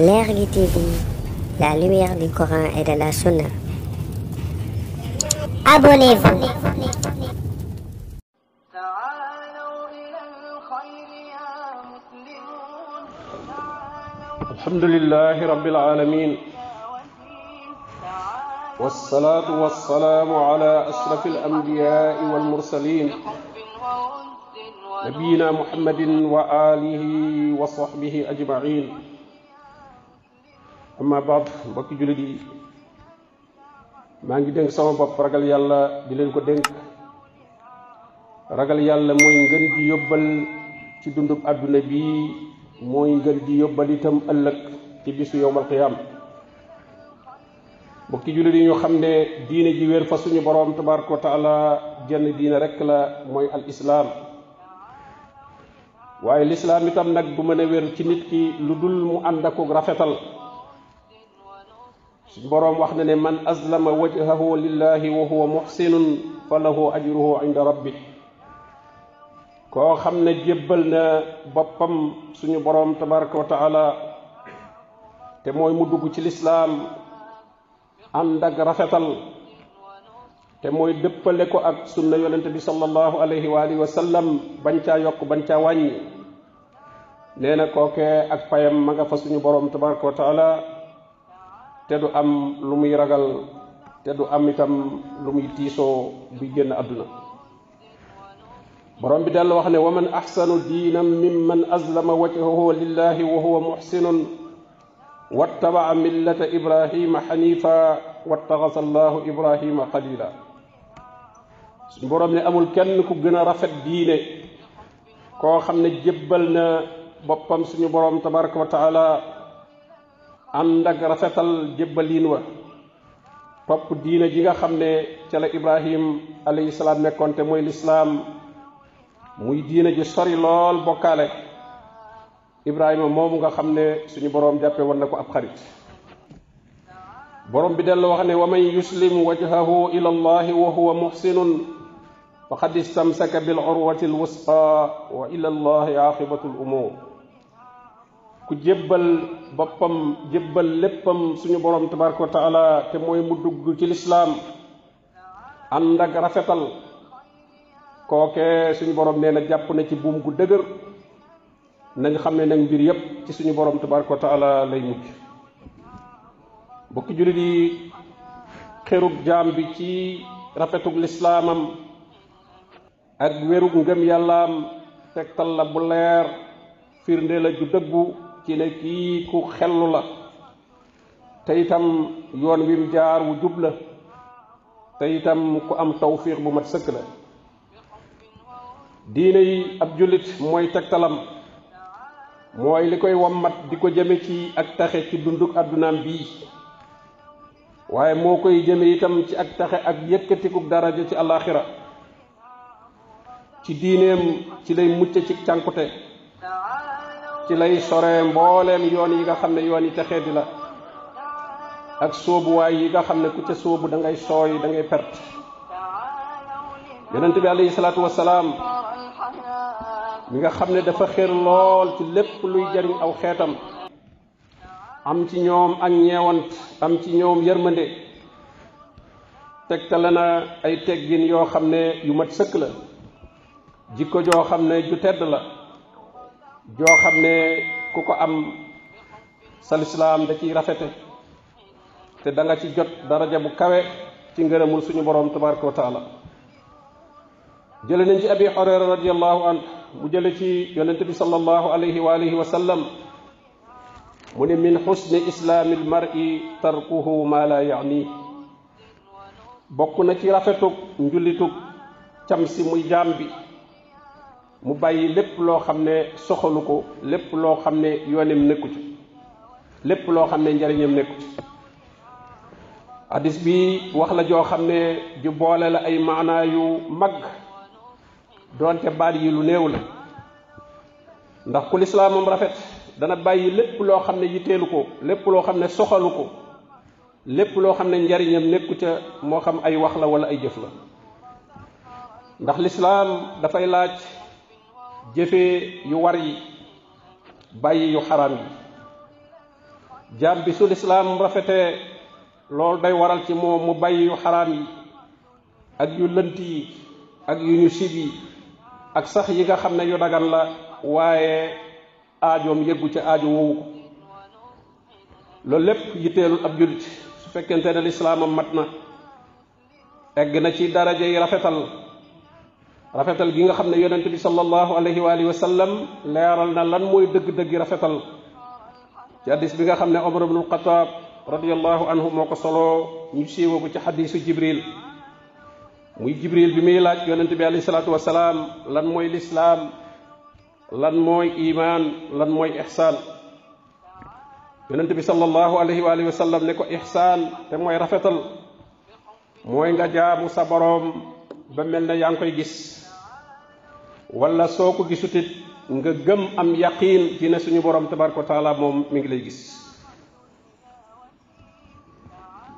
L'air L'Airly TV, la lumière du Coran et de la Sunna. Abonnez-vous. الحمد لله رب العالمين والصلاة والسلام على أشرف الأنبياء والمرسلين نبينا محمد وآله وصحبه أجمعين amma Bab mbokki jullit yi maa ngi dénk sama bopp ragal yàlla di leen ko dénk ragal yàlla mooy ngën ji yóbbal ci dundub àdduna bi mooy ngën ji yóbbal itam ëllëg ci bisu yowmal qiyaam mbokki jullit yi ñu xam ne diine ji wér fa suñu boroom tabaraka wa taala jenn diine la mooy al Islam waaye lislaam itam nag du mën a wér ci nit ki lu dul mu ànd ak rafetal سونو بوروم واخنا ني من اسلم وجهه لله وهو محسن فله اجره عند ربه كو خامنا جيبلنا بوبام سونو تبارك وتعالى تي موي مو دوجو سي الاسلام اندك رافتال تي موي ديبلكو اك سنه يونتبي صلى الله عليه واله وسلم بانتا يوك بانتا واني نينا كوكه اك فايام ماغا فا سونو بوروم تبارك وتعالى te du am lu muy ragal te du am itam lu muy tiisoo buy génn àdduna borom bi dellu wax ne wa man axsanu diinan mimman aslama wajhahu lillahi wa huwa muxsinun wattabaa millata ibrahima wattaxasa allahu ibrahima xalila suñu borom ne amul kenn ku gën a rafet diine koo xam ne jébbal na boppam suñu borom tabaraka wa andak rafetal jebalin wa top diina ji nga xamne ci la ibrahim alayhi salaam nekkoon te mooy lislaam muy diina ji sori lol bokale ibrahim moomu nga xamne suñu borom jàppe won nako ab xarit borom bi del wax ne wa yuslim wajhahu ila allah wa huwa muxsinun faqad istamsaka bil urwati alwusqa wa ila allahi aqibatu al umur ku jébbal boppam jébbal léppam suñu borom tabaraka taala te mooy mu dugg ci lislaam ànd ak rafetal kooke suñu borom nee na jàpp na ci buum gu dëgër nañ xam mbir yépp ci suñu borom tabaraka taala lay mujj bokki julit yi xerug jaam bi ci rafetug lislaamam ak wérug ngëm yàllaam tegtal la bu leer firnde la ju ci ne kii ku xellu la te itam yoon wi mu jaar wu jub te itam ku am tawfiix bu mat sëkk la diine yi ab jullit mooy tegtalam mooy li koy wammat di ko jëme ci ak taxe ci dunduk addunaam bii waaye moo koy jëme itam ci ak taxe ak yëkkatikuk daraja ci àllaaxira ci diineem ci lay mucc ci cànkute ci lay sore mbooleem yoon yi nga xam ne yoon yi texee di la ak sóobuwaay yi nga xam ne ku ca sóobu da ngay sooy da ngay perte yonent bi alayhi salaatu wasalaam mi nga xam ne dafa xér lool ci lépp luy jariñ aw xeetam am ci ñoom ak ñeewant am ci ñoom yërmande tegtale na ay teggin yoo xam ne yu mat sëkk la jikko joo xam ju tedd la joo xam ne am sa lislaam da ciy rafete te da nga ci jot daraja bu kawe ci ngërëmul suñu borom tabaraka taala jële nañ ci abi an mu jële ci yonente bi salallahu alayhi wa alihi wa sallam mu ne min xusni islaami lmari tarkuhu ma la na ci rafetuk njullitug cam si muy mu bàyyi lépp loo xam ne soxalu ko lépp loo xam ne yooneem nekku ci lépp loo xam ne njariñam nekku ci hadis bi wax la joo xam ne ju boole la ay maanaa yu mag doonte baat yi lu néewu la ndax ku lislaamam rafet dana bàyyi lépp loo xam ne yitteelu ko lépp loo xam ne soxalu ko lépp loo xam ne njariñam nekku ca moo xam ay wax la wala ay jëf la ndax lislaam dafay laaj jëfe yu war yi bàyyi yu xaram yi jaam bi su lislaam rafetee lool day waral ci moom mu bàyyi yu xaraam yi ak yu lënt yi ak yu ñu sib ak sax yi nga xam ne yu dagan la waaye aajoom yëggu ci aajo wowu ko loolu lépp yitteelul ab jullit su fekkente ne lislaamam mat na egg na ci daraja yi rafetal rafetal gi nga xam ne yonent bi sallallahu alayhi wa alihi wa sallam leeral na lan mooy rafetal ci bi nga radiallahu anhu moo ko soloo ñu siiwoo ko ci hadisu jibril muy jibril bi muy laaj yonent bi alayhi salaatu wasalaam lan mooy lislaam lan mooy iman lan mooy ihsaan yonent bi sallallahu alayhi wa alihi wa sallam ne ko ihsaan te mooy rafetal mooy nga jaamu sa boroom ba koy gis wala soo ko gisutit nga gëm am yaqiin ci ne suñu borom tabaraka wa taala moom mi ngi lay gis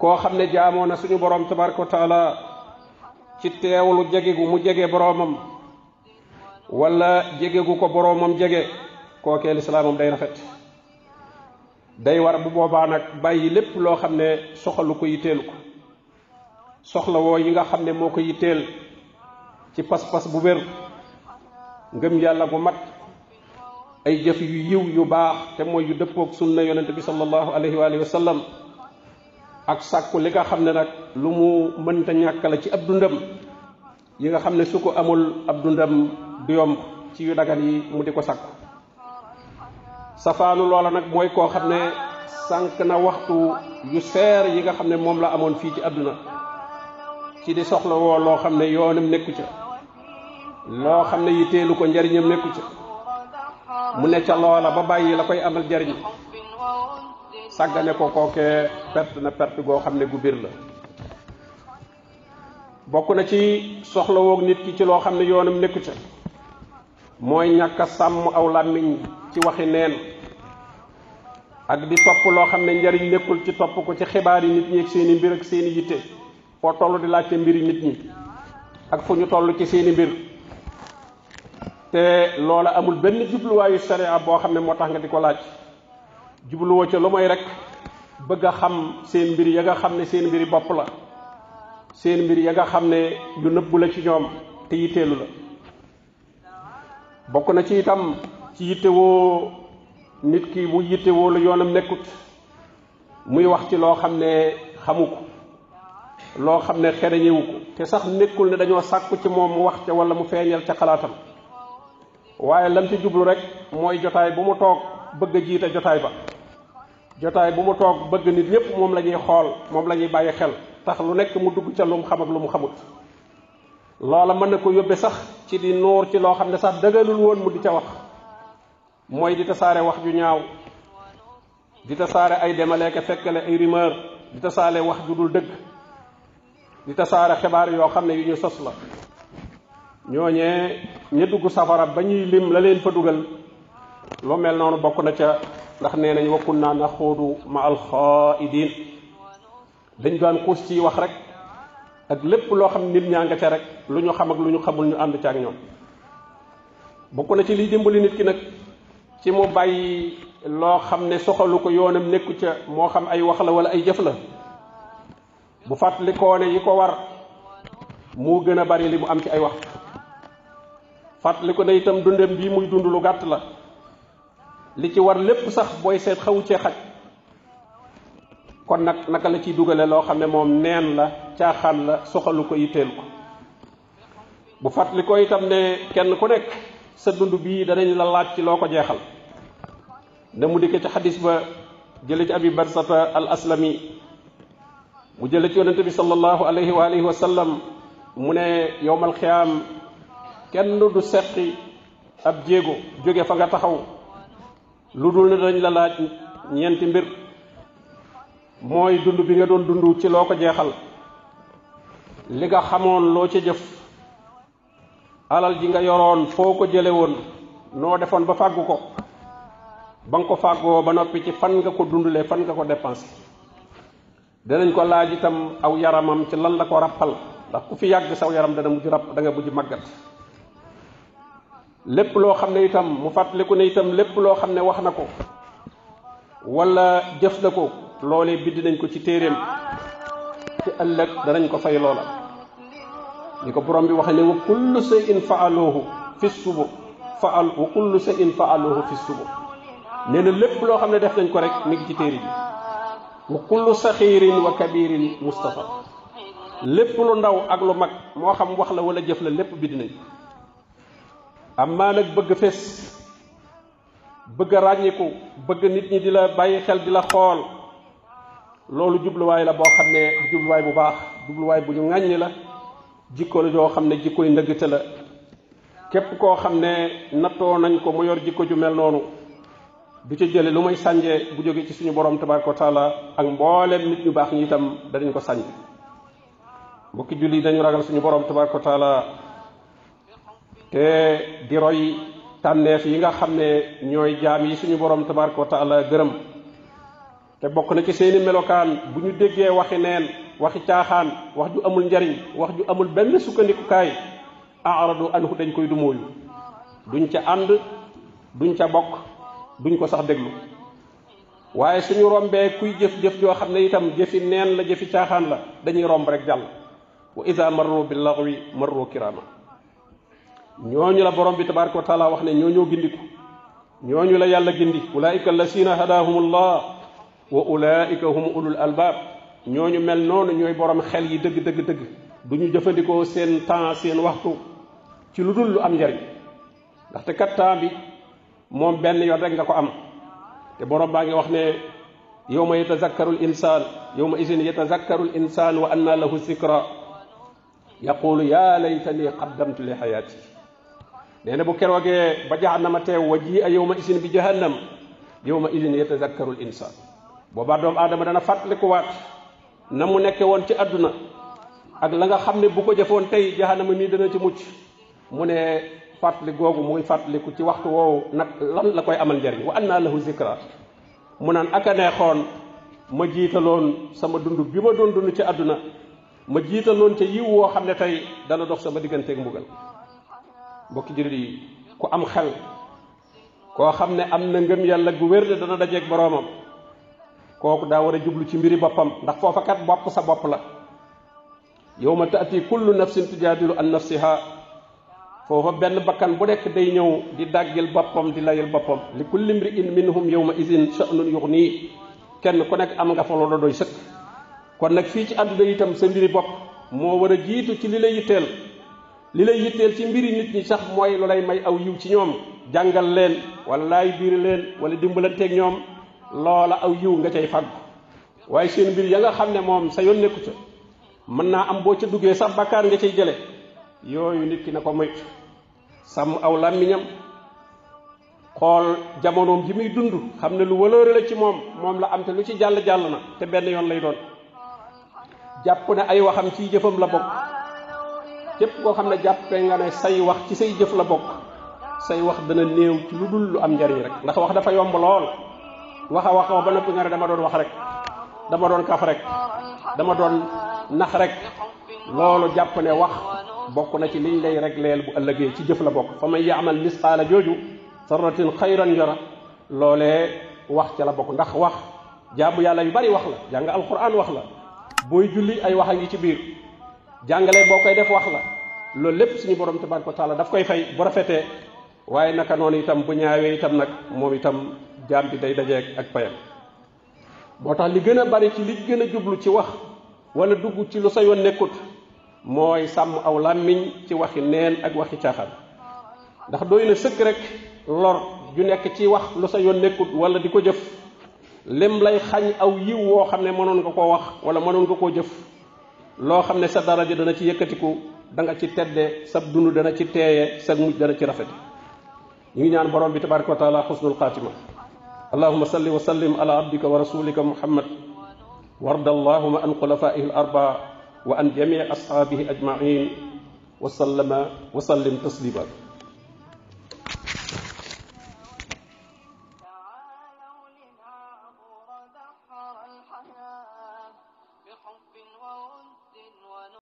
koo xam ne jaamoo na suñu borom tabaraka wa taala ci teewalu jege gu mu jege boroomam wala jege gu ko boroomam jege kookee lislaamam day rafet day war bu boobaa nag bàyyi lépp loo xam ne soxalu ko yitteelu ko soxlawoo yi nga xam ne moo ko yitteel ci pas-pas bu wér ngëm yàlla gu mat ay jëf yu yiw yu baax te mooy yu dëppoog sunna yonent bi sallallahu alayhi wa sallam ak sàkku li nga xam ne nag lu mu mënta ñàkk la ci ab dundam yi nga xam ne su ko amul ab dundam du yomb ci yu dagan yi mu di ko sàkku safaanu loola nag mooy koo xam ne sànq na waxtu yu seer yi nga xam ne moom la amoon fii ci àdduna ci di soxla woo loo xam ne yoonam nekku ca Lo xam ne yitteelu ko njariñam nekku ca mu ne ca loola ba bàyyi la koy amal njariñ sàggane ko kookee perte na perte ne gu bir la bokk na ci soxla woog nit ki ci loo xam ne yoonam nekku ca mooy ñàkk a sàmm aw làmmiñ ci waxi neen ak di topp lo xam ne njariñ nekkul ci topp ko ci xibaar nit ñi ak seeni mbir ak seeni yitte foo toll di laajte mbiri nit ñi ak fu ñu toll ci seeni mbir te loola amul benn jubluwaayu sharia boo xam ne moo tax nga di ko laaj jubluwoo ca lu mooy rek bëgg a xam seen mbir ya nga xam ne seen mbiri bopp la seen mbir ya nga xam ne yu nëbbu la ci ñoom te yitteelu la bokk na ci itam ci yittewoo nit ki bu yittewoo lu yoonam nekkut muy wax ci loo xam ne xamu loo xam ne xereñewu te sax nekkul ne dañoo sàkku ci moom mu wax ca wala mu feeñal ca xalaatam waaye lam ci jublu rek mooy jotaay bu mu toog bëgg jiite jotaay ba jotaay bu mu toog bëgg nit ñëpp moom la ñuy xool moom la ñuy bàyyi xel tax lu nekk mu dugg ca lu mu xam ak lu mu xamut loola mën na ko yóbbe sax ci di nuur ci loo xam ne sax dëgalul woon mu di ca wax mooy di tasaare wax ju ñaaw di tasaare ay demaleeke fekkale ay rumeur di tasaale wax ju dul dëgg di tasaare xibaar yoo xam ne yu ñu sos la ñooñee ñi dugg safara ba ñuy lim la leen fa dugal lu mel noonu bokk na ca ndax nee nañ wakkun naa na xóodu ma al alxaidin dañ doon xuus ci wax rek ak lépp loo xam nit ñaa nga ca rek lu ñu xam ak lu ñu xamul ñu ànd ca ak ñoom bokk na ci liy dimbali nit ki nag ci mu bàyyi loo xam ne soxalu ko yoonam nekku ca moo xam ay wax la wala ay jëf la bu fàttalikoo ne yi ko war moo gën a bari li mu am ci ay wax fatlikou ne itam dundem bi muy dund lu gàtt la li ci war lépp sax boy set xawu ci xaj kon nak naka la ci dugale lo xamne mom moom neen la xal la soxalu ko yitel ko bu fatlikou itam ne kenn ku nek sa dund bii danañ la laaj ci loko jexal jeexal ne mu dikke ci hadith ba jële ci abi barsata al aslami mu jële ci yonente bi sallallahu alayhi wa alihi wa sallam mu ne yowmal khiyam kenn du seqi ab jéego jóge fa nga taxaw lu dul ne dañ la laaj ñeenti mbir mooy dund bi nga doon dund ci loo ko jeexal li nga xamoon loo ca jëf alal ji nga yoroon foo ko jële woon noo defoon ba fàggu ko ba nga ko fàggoo ba noppi ci fan nga ko dundulee fan nga ko dépensé danañ ko laaj itam aw yaramam ci lan la ko rappal ndax ku fi yàgg saw yaram dana mujj rapp da nga mujj màggat lépp loo xam ne itam mu fàttaliku ne itam lépp loo xam ne wax na ko wala jëf na ko loolee bind nañ ko ci téeréem ci ëllëg danañ ko fay loola li ko borom bi waxee ne wa kullu shay'in fa'aluhu fi subu faal wa kullu shay'in fa'aluhu fi subu nee na lépp loo xam ne def nañ ko rek mi ngi ci téere bi wa kullu saxiirin wa kabirin mustafa lépp lu ndaw ak lu mag moo xam wax la wala jëf la lépp bidd nañ ko am maa nag bëgg fés bëgg ràññiku bëgg nit ñi di la bàyyi xel di la xool loolu jubluwaay la boo xam ne jubluwaay bu baax jubluwaay bu ñu ŋàññi la jikko la joo xam ne jikkoy ndëggte la képp koo xam ne nattoo nañ ko mu yor jikko ju mel noonu du ca jële lu may sànje bu jóge ci suñu borom tabaraka taala ak nit ñu baax ñi ko julli dañu ragal suñu borom tabaraka taala te di roy tànneef yi nga xam ne ñooy jaam yi suñu borom tabaraka wa taala gërëm te bokk na ci seeni melokaan bu ñu déggee waxi neen waxi caaxaan wax ju amul njariñ wax ju amul benn sukkandikukaay aaradu anhu dañ koy dumóoyu duñ ca ànd duñ ca bokk duñ ko sax déglu waaye suñu rombee kuy jëf-jëf joo xam ne itam jëfi neen la jëfi caaxaan la dañuy romb rek jàll wa ida marru bi marru kirama ñooñu la borom bi tabaraka wa taala wax ne ñoo ñoo gindiku ñooñu la yàlla gindi ulaika allasina hadahumullah wa ulaika hum ulul albab ñooñu mel noonu ñooy borom xel yi dëgg dëgg dëgg duñu ñu seen temps seen waxtu ci lu dul lu am njariñ ndaxte kat temps bi moom benn yoon rek nga ko am te borom baa ngi wax ne yawma yatazakkaru l insan yawma isin yatazakkaru l insan wa anna lahu zikra yaqulu ya laytani qaddamtu li xayaati nee na bu keroogee ba jahannama teew wa ji a yawma isin bi jahannam yawma isin yatazakkarul insaan boobaa doomu aadama dana fàttalikuwaat na mu nekke woon ci àdduna ak la nga xam ne bu ko jëfoon tey jahannama nii dana ci mucc mu ne fàttali googu muy fàttaliku ci waxtu woowu nag lan la koy amal njariñ wa anna lahu zikra mu naan aka neexoon ma jiitaloon sama dund bi ma doon dund ci àdduna ma jiitaloon ci yiw woo xam ne tey dana dox sama digganteeg mbugal bokki jullit yi ku am xel koo xam ne am na ngëm yàlla gu wér ne dana dajeeg boroomam kooku daa war a jublu ci mbiri boppam ndax foofa kat bopp sa bopp la yawma taati kullu nafsin tujaadilu an nafsiha foofa benn bakkan bu nekk day ñëw di dàggil boppam di layil boppam li kulli mri in minhum yawma izin sha'nun yughni kenn ku nekk am nga fa loolu doy sëkk kon nag fii ci àdduna itam sa mbiri bopp moo war a jiitu ci li la yitteel li lay yitteel ci mbir mbiri nit ñi sax mooy lu lay may aw yiw ci ñoom jàngal leen wala laay biir leen wala dimbalanteeg ñoom loola aw yiw nga cay fàggu waaye seen mbir ya xam ne moom sa yoon nekku ca mën naa am boo ca duggee sax bakkaar nga cay jële yooyu nit na ko moytu sàmm aw làmmiñam xool jamonoom ji muy dund xam ne lu wëlóore la ci moom moom la am te lu ci jàll jàll na te benn yoon lay doon jàpp ne ay waxam ciy jëfam la bokk képp koo xam ne jàppee nga ne say wax ci say jëf la bokk say wax dana néew ci lu dul lu am njariñ rek ndax wax dafa yomb lool wax a wax ba noppi nga ne dama doon wax rek dama doon kaf rek dama doon nax rek loolu jàpp ne wax bokk na ci liñ lay rek leel bu ëllëgee ci jëf la bokk fa may yaamal misqaala jooju sarratin xayran yara loolee wax ca la bokk ndax wax jaamu yàlla yu bari wax la jàng alquran wax la booy julli ay wax a ngi ci biir jàngale boo koy def wax la ni lépp suñu borom tabaraka wa taala daf koy fay bu rafetee waaye naka noonu itam bu ñaawee itam nag moom itam jaam bi day dajeeg ak payam moo tax li gën a bari ci li gën a jublu ci wax wala dugg ci lu sa yoon nekkut mooy sàmm aw làmmiñ ci waxi neen ak waxi caaxaan ndax doy na sëkk rek lor ju nekk ci wax lu sa yoon nekkut wala di ko jëf lim lay xañ aw yiw woo xam ne mënoon nga koo wax wala mënoon nga koo jëf loo xam ne sa daraja dana ci yëkkatiku da nga ci tedde sa dund dana ci teeye sa mujj dana ci rafet ñu ñaan borom bi tabaraka wa taala husnul khatima allahumma salli wa sallim ala abdika wa rasulika muhammad ورد allahuma an xulafaihi al arba wa an jamii ashaabihi وسلم wa sallama